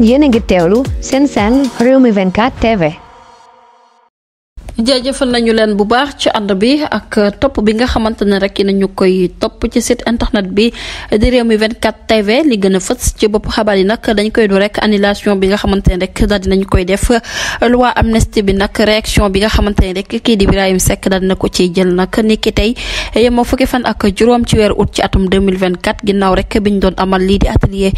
Jene getelu sen sen Rumi Venkat TV jaajëfal nañu leen bu baax ci ànd bi ak topp bi nga xamante ne rek nañu koy topp ci site internet bi di réew mi 24 TV li gën a fës ci bopp xabaar yi nag dañ koy du rek annulation bi nga xamante ne rek daal dinañ koy def loi amnesty bi nak réaction bi nga xamante ne rek kii di Ibrahim sek daal dina ko ci jël nak niki ki tey yemoo fukki fan ak juróom ci weeru août ci atum 2024 ginnaaw rek biñ doon amal lii di atelier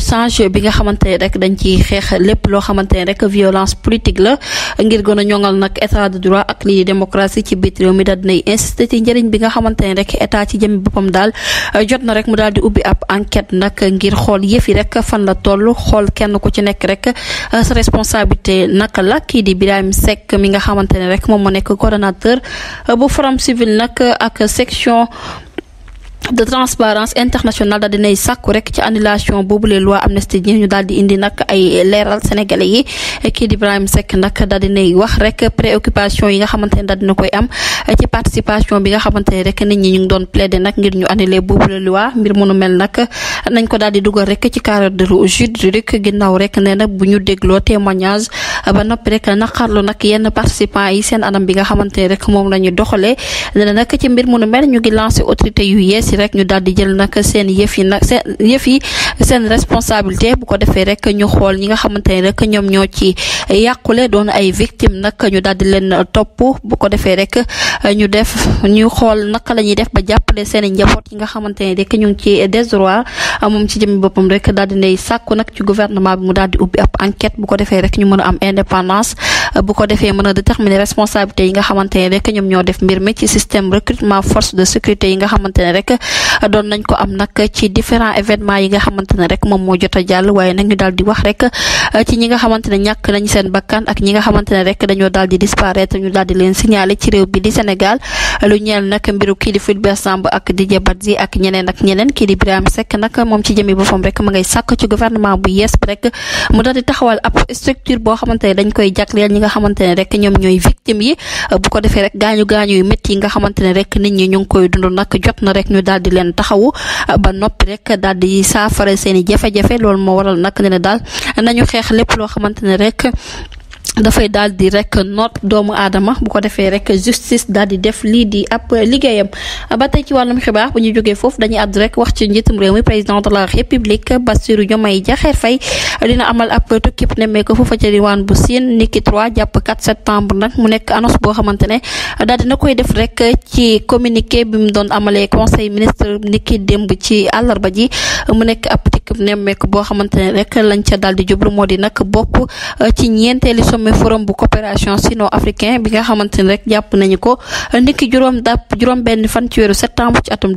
change bi nga xamante ne rek dañ ciy xeex lépp loo xamante ne rek violence politique la ngir gën a ñoŋal nag état état de droit ak lii di démocratie ci biir réew mi daal dinay insisté ci njëriñ bi nga xamante ne rek état ci jëmi boppam daal euh, jot na rek mu daal di ubbi ab enquête nag ngir xool yëf rek fan la toll xool kenn ku ci nekk rek euh, sa responsabilité naka la kii di Birahim Seck mi nga xamante ne rek moom moo nekk coordonnateur euh, bu Forum Civil nag ak section de transparence internationale daal dinay sàkku rek ci annulation boobu les loi amnistie ñu daal di indi nag ay leeral sénégalais yi kii di Ibrahima Seck nag wax rek préoccupation yi nga xamante ne daal dina koy am ci participation bi nga xamante ne rek nit ñi ñu ngi doon plaider nag ngir ñu annulé boobu les loi mbir mënu mel nañ ko daal di dugal rek ci cadre de juridique ginnaaw rek nee na bu ñu témoignage ba noppi rek naqarlu nag yenn participants yi seen anam bi nga xamante ne rek moom la ñu doxalee ne na nag ci mbir mu nu mel ñu ngi lancé autorité yu yees yi rek ñu daal di jël nag seen yëf yi nag seen yëf yi seen responsabilité bu ko defee rek ñu xool ñi nga xamante ne rek ñoom ñoo ci yàqule doon ay victime nag ñu daal di leen topp bu ko defee rek ñu def ñu xool naka la ñuy def ba jàppale seen njaboot yi nga xamante ne rek ñu ngi ci désarroi moom ci jëmi boppam rek daal di nay sàkku nag ci gouvernement bi mu daal di ubbi ab enquête bu ko defee rek ñu mën am indépendance euh, bu ko defee mën a déterminer responsabilité yi nga xamante ne rek ñoom ñoo def mbir mi ci système recrutement force de sécurité yi nga xamante ne rek euh, doon nañ ko am nag ci différents événements yi nga xamante ne rek moom moo jot a jàll waaye ñu daal di wax rek euh, ci ñi nga xamante ne ñàkk nañ seen bakkan ak ñi nga xamante ne rek dañoo daal di disparaître ñu daal di leen signaler ci réew bi Sénégal lu ñeel nak mbiru kilifa bi Samb ak di Didier Badji ak ñeneen ak ñeneen ki di ibrahim sek nak mom ci jëmi boppam rek ma ngay sakku ci gouvernement bu yes rek mu dal di taxawal ap structure bo xamantene dañ koy jagleel ñi nga xamantene rek ñom ñoy victime yi bu ko defé rek gañu gañu yu metti nga xamantene rek nit ñi ñu koy dund nak jot na rek ñu dal di len taxawu ba nopi rek dal di saafara seen jafé jafé lool mo waral nak dina dal nañu xex lepp lo xamantene rek dafay daal di rek noot doomu aadama bu ko defee rek justice daal di def lii di ab liggéeyam ba tey ci wàllum xibaar bu ñu jógee foofu dañuy àdd rek wax ci njiitum réew mi président de la république Bassirou Diomaye Diakhar Faye dina amal ab tukki bu nemmeeku foofa ca diwaan bu Siin niki 3 jàpp septembre nag mu nekk annonce boo xamante ne daal dina koy def rek ci communiqué bi mu doon amalee conseil ministre niki démb ci àllarba ji mu nekk ab nemmeeku boo xamante ne rek lañ ca daal di jublu moo di nag bokk euh, ci ñeenteeli sommet forum coopération euh, ci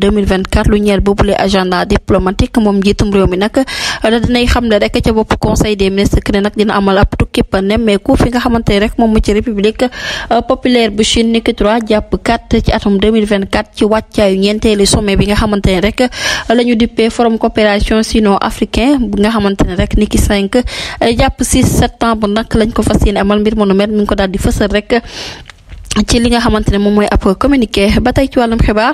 weeru lu ñeel boobule agenda diplomatique moom njiitum réew mi nag euh, da dinay xam ne rek ca bopp conseil des ministres que jàpp 4 ci atum ci wàccaayu ñeenteeli sommet bi nga xamante rek la dippee forum coopération sino africain bu nga xamante ne rek ni ki 5 eh, jàpp 6 septembre nag lañ ko fas yéene amal mbir mu nu mi ko daal di fësal rek ci li nga xamante ne moom mooy ab communiqué ba tey ci wàllum xibaar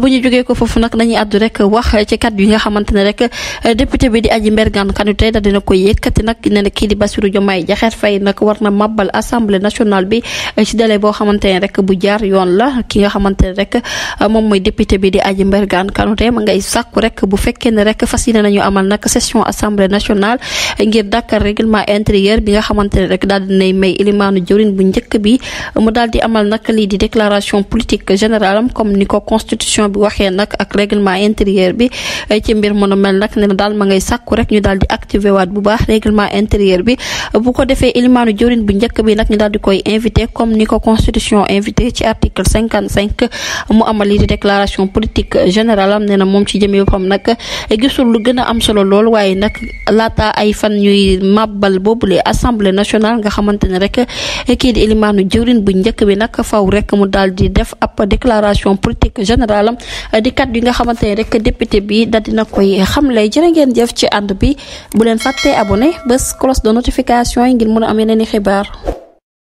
bu ñu ko foofu nag dañuy àddu rek wax ci kàddu yi nga xamante ne rek député bi di Aji Mbergane Kanouté da dina ko yëkkati nag ne na kii di Bassirou Diomaye Diakhar Faye nag war na màbbal assemblée nationale bi ci délai boo xamante ne rek bu jaar yoon la ki nga xamante ne rek moom mooy député bi di Aji Mbergane Kanouté ma ngay sàkku rek bu fekkee ne rek fas yéene nañu amal nag session assemblée nationale ngir dàkkal règlement intérieur bi nga xamante ne rek daal dinay may ilimaanu jëwrin bu njëkk bi mu daal di am amal nag di déclaration politique générale comme niko constitution bi waxee nak ak règlement intérieur bi eh, ci mbir mo no mel nak ne dal ma ngay sakku rek ñu dal di activer waat bu baax règlement intérieur bi bu ko defee ilimaanu jëwriñ bu njëkk bi nak ñu dal di koy invité comme niko constitution invité ci article 55 cinq mu amal di déclaration politique générale am nee na moom ci jëmee boppam nak eh, gisul lu gëna am solo lool waye nak lata ay fan ñuy mabal assemblée nationale nga xamantene rek eh, ki di ilimaanu bu njëkk bi nak nag faw rek mu daal di def ab déclaration politique générale di kat yi nga xamante ne rek député bi daal dina koy xam xamle jërë ngeen jëf ci ànd bi bu leen fàttee abonné bés cloche de notification yi ngir mun a am yeneen i xibaar